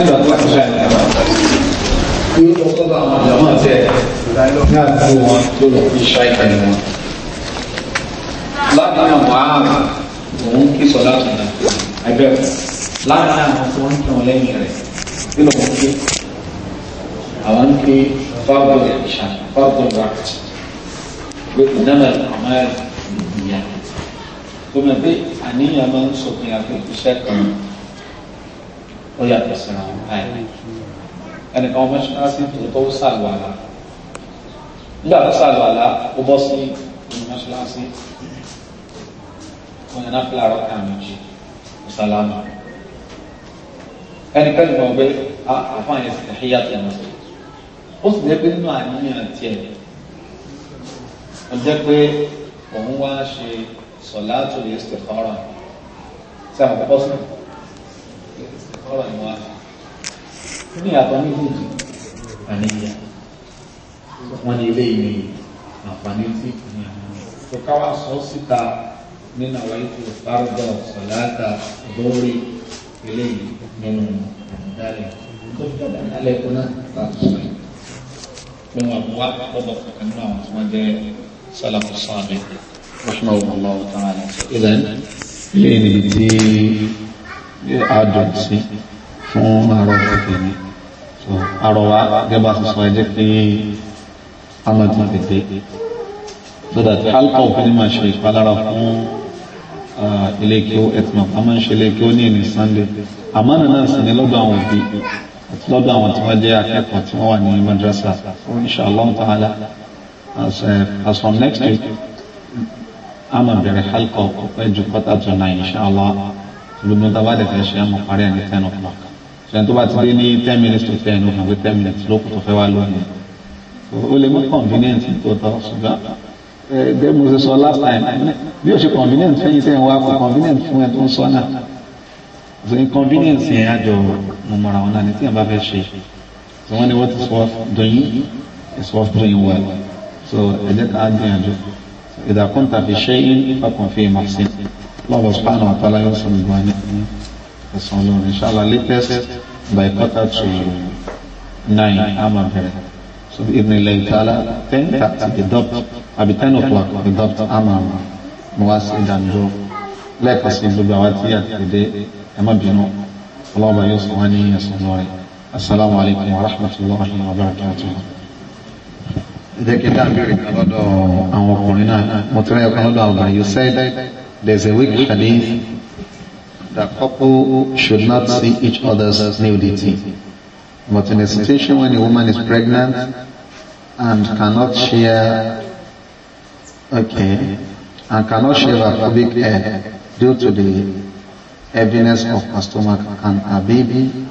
ẹgbà tó wà sílẹ̀ yóò lọ sọ́dọ̀ àwọn àjàmọ́ àti ẹ̀ ní àdúgbò wọn yóò lọ fi ṣá ìkà ìwọ̀n. láti náà wà á òun kí sọ láti nà ẹgbẹ́ láti náà wọn tó ń kí wọn lẹ́yìn rẹ̀ kí ló ń ké àwọn ń ké fáwọn ìṣà fáwọn wákàtí pé ìnáwó àmọ́ ìyá tó mọ̀ pé àníyàn máa ń sọ fún yàtọ̀ iṣẹ́ ó yàtọ̀ síra wọn báyìí ẹnìkan ọmọ ṣáláṣí tó tó sàlùwàlà nígbà tó sàlùwàlà ó bọ́ sí ọmọ ṣáláṣí wọn yẹn náà fi làárọ̀ kàn méjì ìsàlámà ẹnìkan ìmọ̀ ọgbẹ́ àfọ̀n yẹn sì ṣe yàtọ̀ yàtọ̀ ó sì jẹ́ pé nínú àníyàn tiẹ̀ ó jẹ́ pé òun wá ṣe sọ̀lá tó lè ṣe fọ́ọ̀rọ̀ sí àwọn pọ́sìtì. Kọ́lọ̀ ni wá. Ó ní àtọ́ ní ìlú àníyà. Wọ́n ní ilé ìní àǹfààní tí kò ní àwọn ọmọ. Tó ká wá sọ síta nínú àwọn ètò ìpárọ̀dọ̀ sọ̀láàtà lórí ilé yìí nínú àdálẹ̀. Tó fi jọba kó náà bá sọ Pé wọn mú wá lọ́dọ̀ kan nínú àwọn tí wọ́n jẹ́ sálàmù sọ́ọ̀mì. Rahmanahu Allah ta'ala. Ìlànà ilé ìní tí adùn sí fún àrọwà tèmi so àrọwà gẹ́gbà sísọ ẹ jẹ́ pé a máa so that alcohol fi ní máa ṣe ìpalára fún ilé kí ó ẹtùmọ̀ a máa ń ṣe ilé kí ó ní ìní sunday àmánà náà sì ní lọ́dọ̀ àwọn òbí àti lọ́dọ̀ àwọn tí wọ́n jẹ́ akẹ́kọ̀ọ́ tí wọ́n wà ní madrasa inshallah ta'ala as, uh, as from next week a máa bẹ̀rẹ̀ alcohol pẹ̀lú pátá tó náà inshallah gbogbo tó bá dẹ̀ fẹ́ ṣe àmọ́ parí ẹ̀ ní ten o'clock ṣe tó bá ti dé ní ten minutes to ten ó hàn pé ten minutes lókùn tó fẹ́ wá lónìí ó lè mú convenient tó tọ́ ṣùgbọ́n gẹ́gẹ́ mo ṣe sọ last time bí o ṣe convenient fẹ́yìn sẹ́yìn wá kó convenient fún ẹ tó ń sọ náà so inconvenience yẹn àjọ mo mọ̀ra wọn náà ní tí yẹn bá fẹ́ ṣe so wọ́n ní what is worth doing is worth doing well so ẹ jẹ́ ká gbìyànjú ìdàkùntà fi ṣe é fakùn fi màsí lọ́wọ́ spana àtàlà yóò sọ gbogbo àná ní ẹ̀sán lórí inshallah latest by quarter to nine àmà bẹ̀rẹ̀ so ibn ilẹ̀ ìtàlá ten thirty the dot ten o'clock the dot mo wá sí ìdánidúró lẹ́ẹ̀kan sí gbogbo àwọn tí a ti dé ẹ má bínú ọlọ́wọ́ yóò sọ wá ní ẹ̀sán lórí asalaamu alaykum wa rahmatulahi wa barakatuhu jẹ́ kí dábìrì kan lọ́dọ̀ àwọn ọkùnrin náà mo tẹ́lẹ̀ kan lọ́dọ̀ àwọn ọba you said There's a weak hadith that couple should not see each other's nudity. But in a situation when a woman is pregnant and cannot share, okay, and cannot share her pubic hair due to the heaviness of her stomach, can her baby,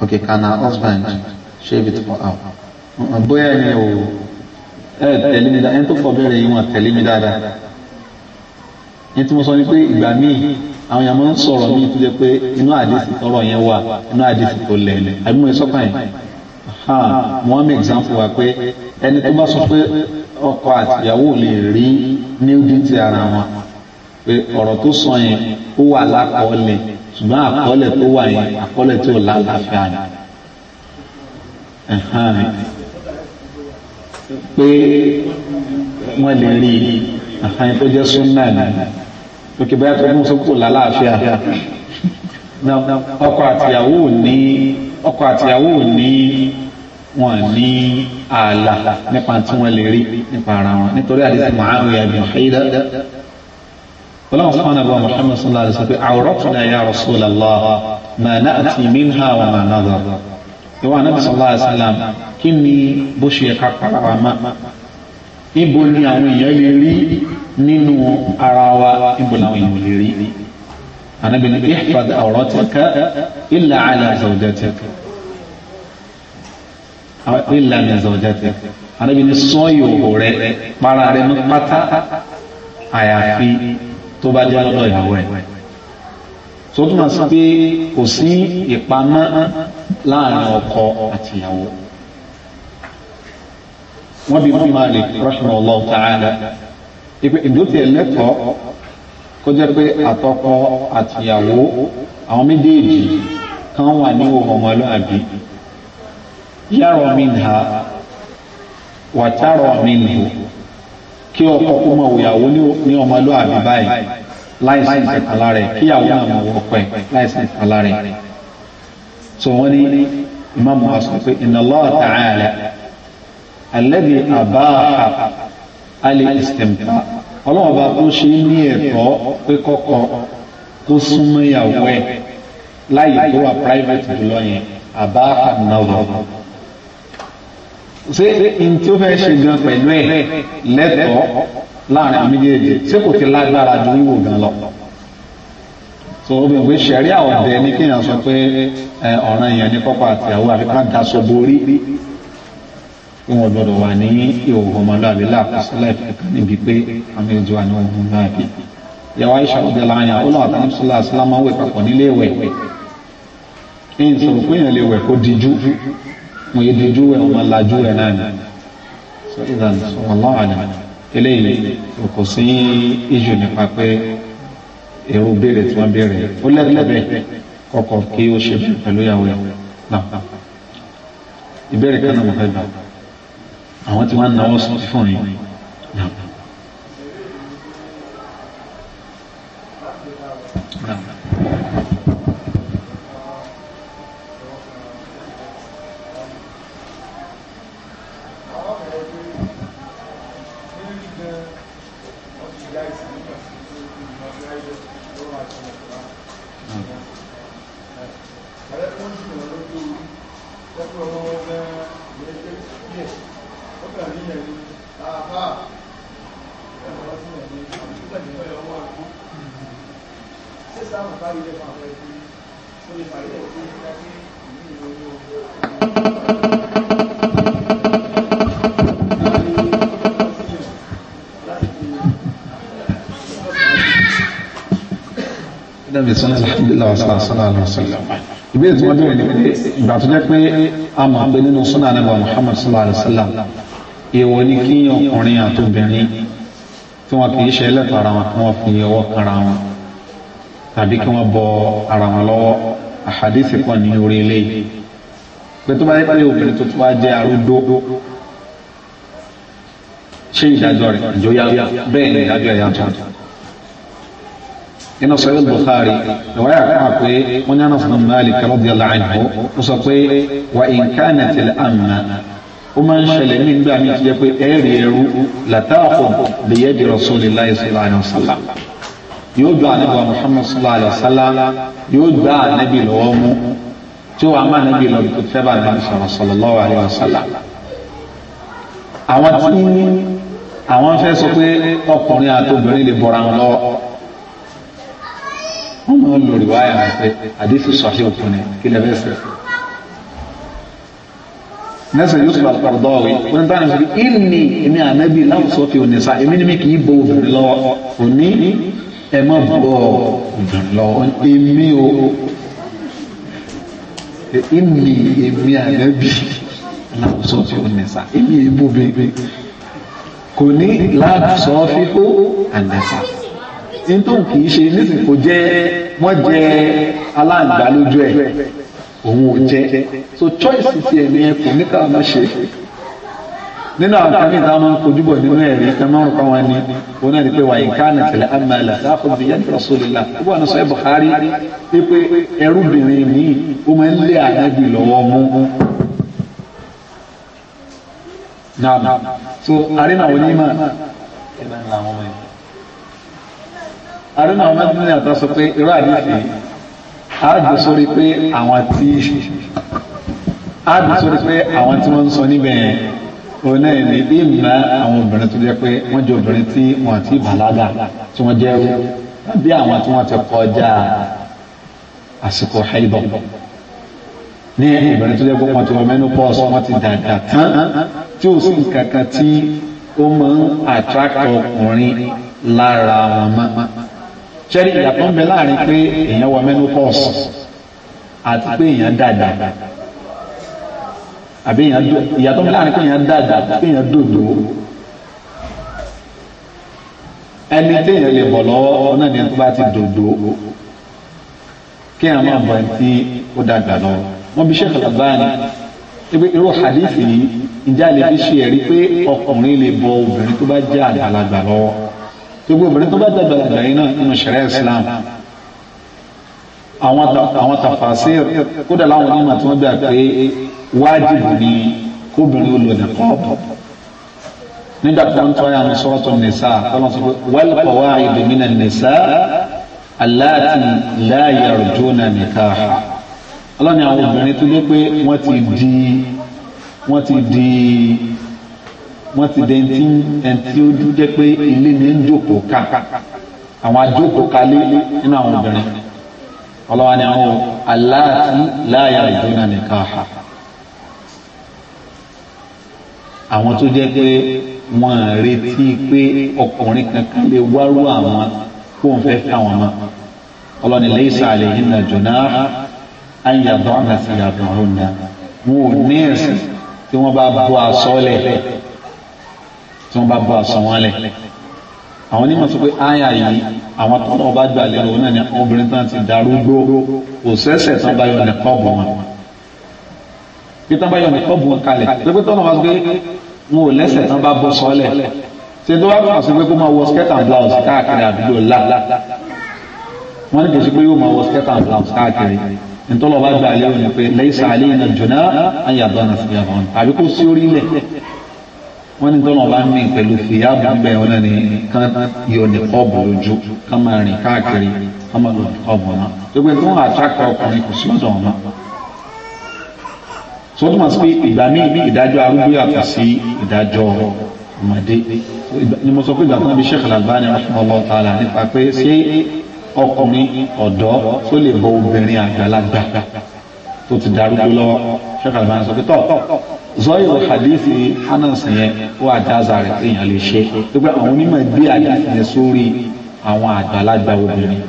okay, can her husband shave it for her? Bóyá ni o, ẹ tẹ̀lé mi dáadáa, ẹni tó fọ bẹ́ẹ̀ rẹ̀ yìí wọ́n tẹ̀lé mi dáadáa ní tí mo sọ ni pé ìgbà míì àwọn èèyàn máa ń sọ̀rọ̀ míì tó jẹ́ pé inú àdìsí tọrọ yẹn wà inú àdìsí tó lẹ̀ àbí mo sọ́kàn yẹn wọ́n mú example wa pé ẹni tó bá sọ pé ọkọ àtìyàwó lè rí níwájú ti ara wọn pé ọ̀rọ̀ tó sọ yẹn ó wà lákọọ́lẹ̀ ṣùgbọ́n àkọọ́lẹ̀ tó wà yẹn àkọọ́lẹ̀ tí lálàáfíà ni pé wọ́n lè rí àfàyàn tó jẹ́ súnmọ́ pèkè bóyá tó kún sókò lálàáfíà ọkọ àtìyàwó ní ọkọ àtìyàwó ní wọn ní ààlà nípa tí wọn lè rí nípa ara wọn nítorí àdìsí Muawiya bin Hayda ọlọ́run fún àwọn àbúrò Muhammad sallallahu alaihi wasallam pé awratuna ya Rasulullah ma na'ti minha wa ma nadhar ìwọ anábì sallallahu alaihi kí ni bó ṣe ká pàrọ̀ àmà ibo ni àwọn èèyàn lè rí nínú ara wa ìbùlà àwọn èèyàn lè rí anabi ni ihfad awrataka illa ala zawjatika illa min zawjatika anabi ni sọ ìhòòhò rẹ para rẹ mọ́ pátá àyàfi tó bá jẹ́ lọ́dọ̀ ìyàwó ẹ̀ tó túmọ̀ sí pé kò sí ìpamọ́ láàrin ọkọ àti ìyàwó wọ́n bí mọ́ Malik rahimahullahu ta'ala ìpè ìdótì ẹlẹ́tọ̀ọ́ kó jẹ́ pé àtọkọ àtìyàwó àwọn méjèèjì kan wà ní ohun ọmọlúwàbí yàrá mi nà wàtàrọ̀ mi nù kí ọkọ kó mọ òyàwó ní ọmọlúwàbí báyìí láìsí ìtàkàlà rẹ̀ kíyàwó náà mọ ọpẹ láìsí ìtàkàlà rẹ̀ tó wọ́n ní ìmáàmù wa sọ pé inna Allah ta'ala alladhi abaha. al-istimta ọlọ́run ọba tó ṣe ní ẹ̀tọ́ pé kọ́kọ́ kó súnmọ́ ìyàwó ẹ̀ láyé tó wà private jùlọ yẹn àbá ànáwó ṣé n tí ó fẹ́ ṣe gan pẹ̀lú ẹ̀ lẹ́tọ̀ọ́ láàrin àwọn méjèèjì ṣé kò ti lágbára ju wíwò gan lọ so obìnrin pé ṣẹ̀rí àwọn ọ̀dẹ ní kéèyàn sọ pé ọ̀ràn yẹn ní kọ́kọ́ àtìyàwó àbí ká daṣọ borí pé wọn gbọ́dọ̀ wà ní ìhòòhò ọmọlúwàbí láàkóso láìpẹ́ kan níbi pé àwọn èjì wà ní ìhòòhò ọmọlúwàbí. ìyàwó Aisha ọdẹ láàyè ọlọ àtàwọn sọlá àsìlámà wẹ̀ papọ̀ nílé ìwẹ̀ ẹ̀yìn sọ̀rọ̀ pé èèyàn lè wẹ̀ kó dijú mo yẹ dijú wẹ̀ ọmọ lajú ẹ̀ náà ni sọ ìdá sọlá àná eléyìí kò sí ìjù nípa pé èrò béèrè tí wọ́n béèrè ó lẹ́tọ̀ọ́ bẹ́ẹ̀ kọ́kọ́ kí ó ṣe pẹ̀lú ìyàwó ẹ̀ náà ìbéèrè kan náà mo fẹ́ gbà àwọn tí wọ́n ń náwó fún yín. ànábì sọ́nà alhamdulilayi wa sọ́nà sọ́nà alaihi wa sallam ìbéèrè tí wọ́n bẹ̀rẹ̀ ni pé ìgbà tó jẹ́ pé a mọ̀ pé nínú sọ́nà ànábì wa muhammad sọ́nà alaihi wa sallam èèwọ̀ ni kí ọkùnrin àtòbìnrin tí wọn kì í ṣe ẹlẹ́tọ̀ ara wọn kí wọ́n fi ọwọ́ kanra wọn tàbí kí wọ́n bọ ara wọn lọ́wọ́ àhàdísì pọ̀ ní orí ilé pé tó bá yẹ pé obìnrin tó tún wá jẹ́ arúgbó ṣé ìdájọ́ rẹ̀ ìjọyà bẹ́ẹ̀ ni ìdájọ́ ẹ̀yà tó inú sọ̀rọ̀ Bukhari ìwáyà kọ́ra pé wọ́n ní Anas Malik radiyallahu anhu ó sọ pé wà ìǹkánà tẹ̀lẹ̀ àmà ó máa ń ṣẹlẹ̀ nígbà mi ti jẹ́ pé ẹ̀rì ẹ̀rú làtàkùn bìyẹ́dì Rasulillahi sallallahu alaihi wasallam yóò gba anabi wa Muhammad sallallahu alaihi wasallam yóò gba anabi lọ́wọ́ mú tí wàá má anabi lọ tó fẹ́ bá anabi sọ̀rọ̀ sallallahu alaihi wasallam. àwọn tí àwọn fẹ́ sọ pé ọkùnrin àti obìnrin lè bọ̀ra wọn wọ́n máa lò rí wáyà wọn pé àdéfù sọ̀hí òkun ni kí lè fẹ́ fẹ́. nẹ́sẹ̀ yóò sọ̀rọ̀ àpàdọ́wì wọ́n ń tánà sọ̀rọ̀ ìní èmi ànábì láwùsọ fi òní sa èmi ni mi kì í bo obìnrin lọ́wọ́ òní ẹ má bọ̀ obìnrin lọ́wọ́ èmi o ìní èmi ànábì láwùsọ fi òní sa èmi èbó bèbè kò ní láàbù sọ́ọ́fì ó ànábì nítorí kì í ṣe nísìnyí kò jẹ́ wọ́n jẹ́ aláǹgbá lójú ẹ̀ òun ò jẹ́ so choice ti ẹ̀mí ẹ̀ kò ní ká máa ṣe nínú àwọn kan ní ìdáhùn máa ń kojú bọ̀ nínú ẹ̀rí kan máa ń rúkọ wọn ni wọn náà ní pé wàyí kánà tẹ̀lé amala láàfọ̀ bíi yẹn Rasulillah wọ́n wà ní sọ ẹ́ Bukhari wípé ẹrúbìnrin yìí ó máa ń lé ànábì lọ́wọ́ mú naam so àrínà onímọ̀ ẹ̀ náà arúgbó àwọn mẹ́tìrì àtọ́ sọ pé irú àdìsí àádùn sórí pé àwọn tí àádùn sórí pé àwọn tí wọ́n ń sọ níbẹ̀ òun náà ní bí mma àwọn obìnrin tó jẹ́ pé wọ́n jẹ́ obìnrin tí wọ́n ti bàlágà tí wọ́n jẹ́ bí àwọn tí wọ́n ti kọjá àsìkò haidọ̀ ní obìnrin tó jẹ́ pé wọ́n ti wọ menopause wọ́n ti dàgbà tán tí ó sì kankan tí ó máa ń attract ọkùnrin lára wọn máa ṣẹ́rí ìyàtọ̀ ń bẹ láàrin pé èèyàn wọ menopause àti pé èèyàn dàgbà àbí èèyàn ìyàtọ̀ ń bẹ láàrin pé èèyàn dàgbà àti pé èèyàn dòdò ẹni téèyàn lè bọ̀ lọ́wọ́ náà ni tó bá ti dòdò kéèyàn máa bọ̀ tí ó dàgbà lọ wọ́n bí Sheikh Al-Albani ibi irú hadith yìí ìjà lè fi ṣe ẹ̀rí pé ọkùnrin lè bọ obìnrin tó bá jẹ́ àgbàlagbà lọ́wọ́ gbogbo obìnrin tó bá dàgbàlagbà yìí náà nínú ṣẹ̀rẹ́ Islam àwọn tafasir kódà láwọn onímọ̀ tí wọ́n gbà pé wájìbù ni kóbìnrin olùdàkọ́ ọ̀bọ̀ nígbà tó ń tọ́ya ní sọ́rọ́tọ̀ nìsá kọ́nà sọ pé wal qawaidu minan nìsá allati la yarjuna nikaha ọlọ́ni àwọn obìnrin tó dé pé wọ́n ti di wọ́n ti di wọ́n ti dẹ̀ ti ẹni tí ó dúdú jẹ́ pé ilé ni ń jókòó ká àwọn ajókòó kalé nínú àwọn obìnrin ọlọ́wà ni àwọn aláàtí láàyà ìdúnà nìkan ha àwọn tó jẹ́ pé wọ́n retí pé ọkùnrin kankan lè wárú àwọn kó ń fẹ́ fáwọn mọ́ ọlọ́ni laysa alayhinna junaha an yad'na thiyabahunna wọn ò ní ẹ̀sìn tí wọ́n bá bọ́ aṣọ́lẹ̀ tí wọ́n bá bá aṣọ wọn lẹ̀ àwọn onímọ̀ sọ pé àyà yìí àwọn tó náà bá gbà lẹ́nu òun náà ni obìnrin tán ti darúgbó kò sẹ́sẹ̀ tán bá yọ nìkan bọ̀ wọn bí tán bá yọ nìkan bọ̀ wọn kalẹ̀ lópin tó náà wá gbé wọn ò lẹ́sẹ̀ tán bá bọ́ sọ́lẹ̀ ṣe tó wá kàn sí pé kó máa wọ skirt and blouse káàkiri àdúgbò là wọ́n ní kò sí pé yóò máa wọ skirt and blouse káàkiri ntọ́lọ́ bá gbà lẹ́nu ni pé lẹ́yìn sàlẹ̀ yìí jọ̀nà àyàbọ̀ àti wọ́n ní tọ́lọ̀ bá ń mìn pẹ̀lú fìyà bàbẹ̀ wọn náà ní kán yọ nìkọ́ọ̀bù lójú kán máa rìn káàkiri kán máa lọ nìkọ́ọ̀bù náà gbogbo tó ń àtàkà ọkùnrin kò sí ọ̀dọ̀ ọ̀nà. tó túmọ̀ sí pé ìgbà míì bí ìdájọ́ arúgbó yàtọ̀ sí ìdájọ́ ọmọdé ni mo sọ pé ìgbà kan bí Sheikh Al-Albani rahimahullah ta'ala nípa pé ṣé ọkùnrin ọ̀dọ́ tó lè bọ obìnrin àgbàlagbà tó ti darúgbó lọ́wọ́ zọ́yọ̀ hadithi Anas yẹn ó àjáza rẹ̀ tí èèyàn lè ṣe gbogbo àwọn onímọ̀ gbé hadithi yẹn sórí àwọn àgbàlagbà obìnrin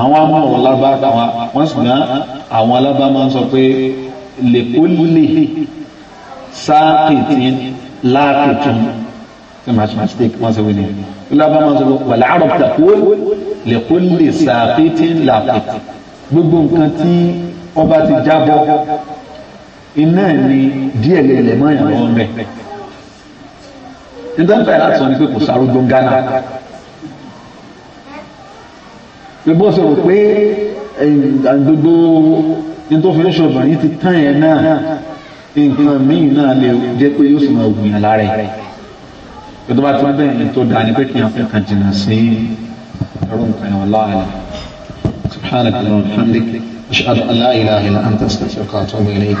àwọn amọ̀rọ̀ lábá wọn ṣùgbọ́n àwọn alábá máa ń sọ pé lèkólè sáàkìtì láàkìtì tí màá ṣe mistake wọ́n ṣe wí ni lábá máa ń sọ pé wàlẹ́ àrọ̀ tàkó lèkólè sáàkìtì láàkìtì gbogbo nǹkan tí ọba ti jábọ́ iná ẹ̀ ni díẹ̀ lè lè mọ́ ìyàwó ń bẹ̀. nígbà tí láti sọ ni pé kò sárógbó Ghana gbogbo sọ pé gbogbo ní tó fi ń ṣọ̀bà yìí ti tán ẹ̀ náà nǹkan míì náà lè jẹ́ pé yóò sì máa wùyàn lára ẹ̀ pé tó bá ti bẹ́ẹ̀ ni tó dáa ni pé kí n fẹ́ kàn jìnnà sí ẹ̀rọ nǹkan ẹ̀wọ̀n láàrin subhanahu wa ta'ala alhamdulilayi ashhadu an la ilaha illa anta astaghfiruka wa atubu ilayk